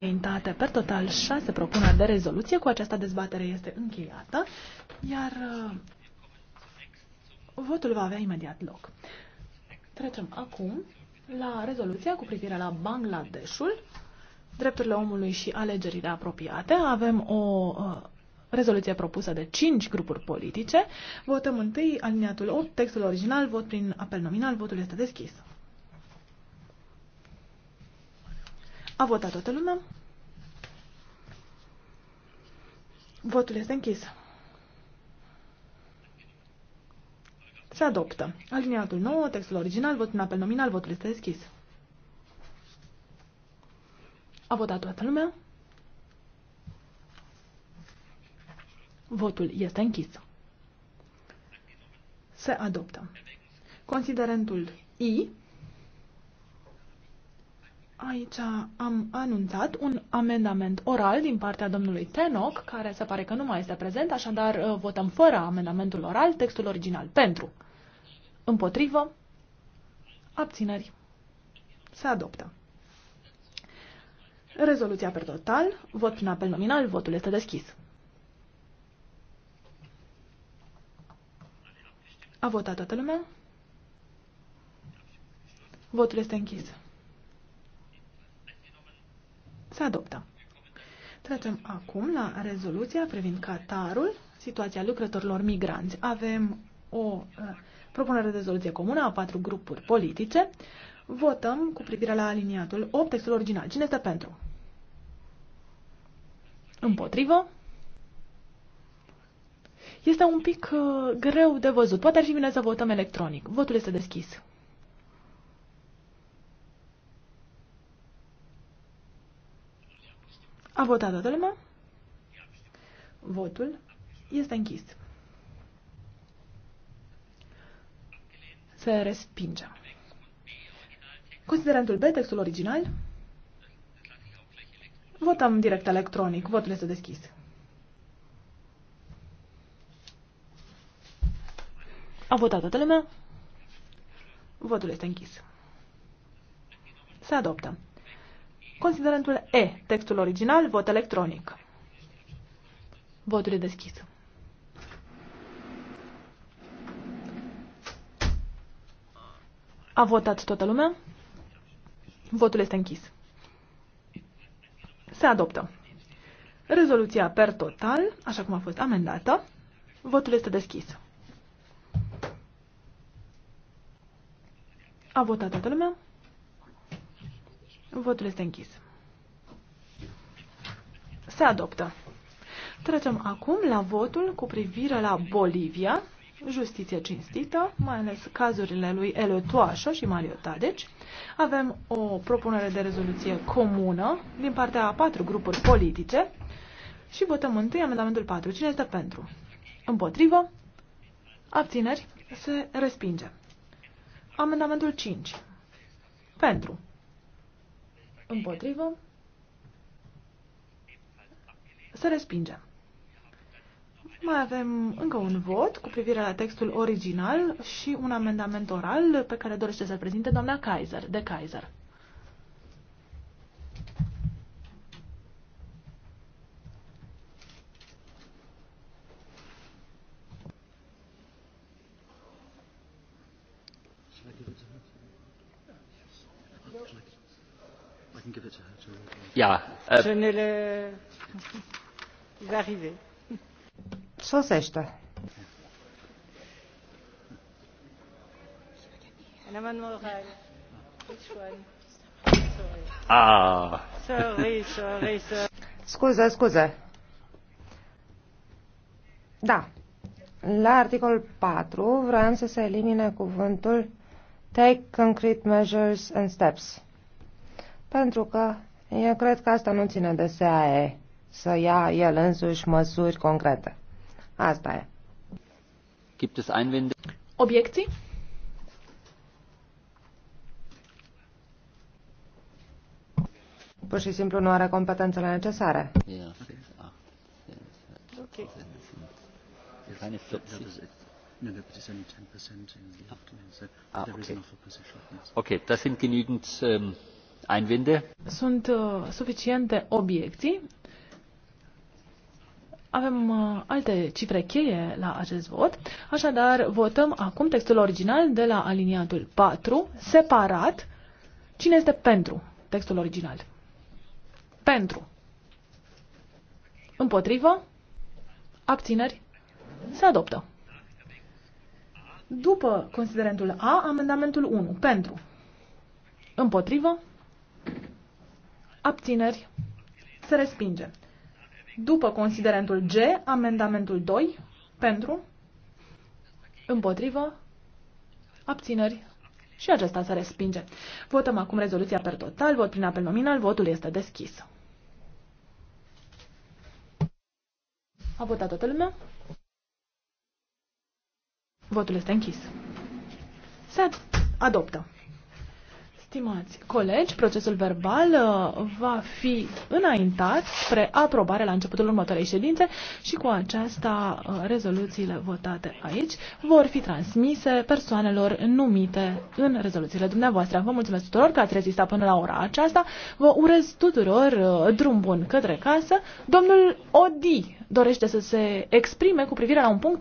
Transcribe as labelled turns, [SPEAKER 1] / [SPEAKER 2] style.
[SPEAKER 1] Înaintate per total șase propuneri de rezoluție. Cu această dezbatere este încheiată, iar uh, votul va avea imediat loc. Trecem acum la rezoluția cu privire la Bangladeshul, drepturile omului și alegerile apropiate. Avem o uh, rezoluție propusă de cinci grupuri politice. Votăm întâi aliniatul 8, textul original, vot prin apel nominal, votul este deschis. A votat toată lumea? Votul este închis. Se adoptă. Aliniatul 9, textul original, votul în apel nominal, votul este deschis. A votat toată lumea? Votul este închis. Se adoptă. Considerentul I Aici am anunțat un amendament oral din partea domnului Tenoc, care se pare că nu mai este prezent, așadar uh, votăm fără amendamentul oral textul original. Pentru. Împotrivă. Abțineri. Se adoptă. Rezoluția per total. Vot prin apel nominal. Votul este deschis. A votat toată lumea? Votul este închis. Se adoptă. Trecem acum la rezoluția privind Qatarul, situația lucrătorilor migranți. Avem o eh, propunere de rezoluție comună a patru grupuri politice. Votăm cu privire la aliniatul 8, textul original. Cine este pentru? Împotrivă? Este un pic uh, greu de văzut. Poate ar fi bine să votăm electronic. Votul este deschis. A votat toată lumea? Votul este închis. Se respinge. Considerentul B, textul original. Votăm direct electronic. Votul este deschis. A votat toată lumea? Votul este închis. Se adoptă. Considerentul E, textul original, vot electronic. Votul e deschis. A votat toată lumea? Votul este închis. Se adoptă. Rezoluția per total, așa cum a fost amendată, votul este deschis. A votat toată lumea? Votul este închis. Se adoptă. Trecem acum la votul cu privire la Bolivia, justiție cinstită, mai ales cazurile lui Elio și Mario Tadeci. Avem o propunere de rezoluție comună din partea a patru grupuri politice și votăm întâi amendamentul 4. Cine este pentru? Împotrivă? Abțineri? Se respinge. Amendamentul 5. Pentru. Împotrivă. Să respingem. Mai avem încă un vot cu privire la textul original și un amendament oral pe care dorește să-l prezinte doamna Kaiser, de Kaiser. I can give it to her. To... Yeah. Uh... Je ne le... Il va arriver. Sosește. Un amendement oral. Which one? Ah. Sorry, sorry, sorry. Scuze, scuze. Da. La articol 4 vrem să se elimine cuvântul take concrete measures and steps. Pentru că eu cred că asta nu ține de SAE, să ia el însuși măsuri concrete. Asta e. Gibt es Einwände? Obiecții? Pur și simplu nu are competențele necesare. Yeah. Okay. Keine 40. No, no, but it's only 10% in the afternoon, so ah, there okay. is an offer position. Yes. Okay, das sind genügend ähm, um Einwände? Sunt uh, suficiente obiecții. Avem uh, alte cifre cheie la acest vot, așadar votăm acum textul original de la aliniatul 4, separat. Cine este pentru textul original? Pentru. Împotrivă? Abțineri? Se adoptă. După considerentul A, amendamentul 1. Pentru. Împotrivă? abțineri, se respinge. După considerentul G, amendamentul 2, pentru, împotrivă, abțineri și acesta se respinge. Votăm acum rezoluția per total, vot prin apel nominal, votul este deschis. A votat toată lumea? Votul este închis. Se adoptă. Stimați colegi, procesul verbal uh, va fi înaintat spre aprobare la începutul următoarei ședințe și cu aceasta uh, rezoluțiile votate aici vor fi transmise persoanelor numite în rezoluțiile dumneavoastră. Vă mulțumesc tuturor că ați rezistat până la ora aceasta. Vă urez tuturor uh, drum bun către casă. Domnul Odi dorește să se exprime cu privire la un punct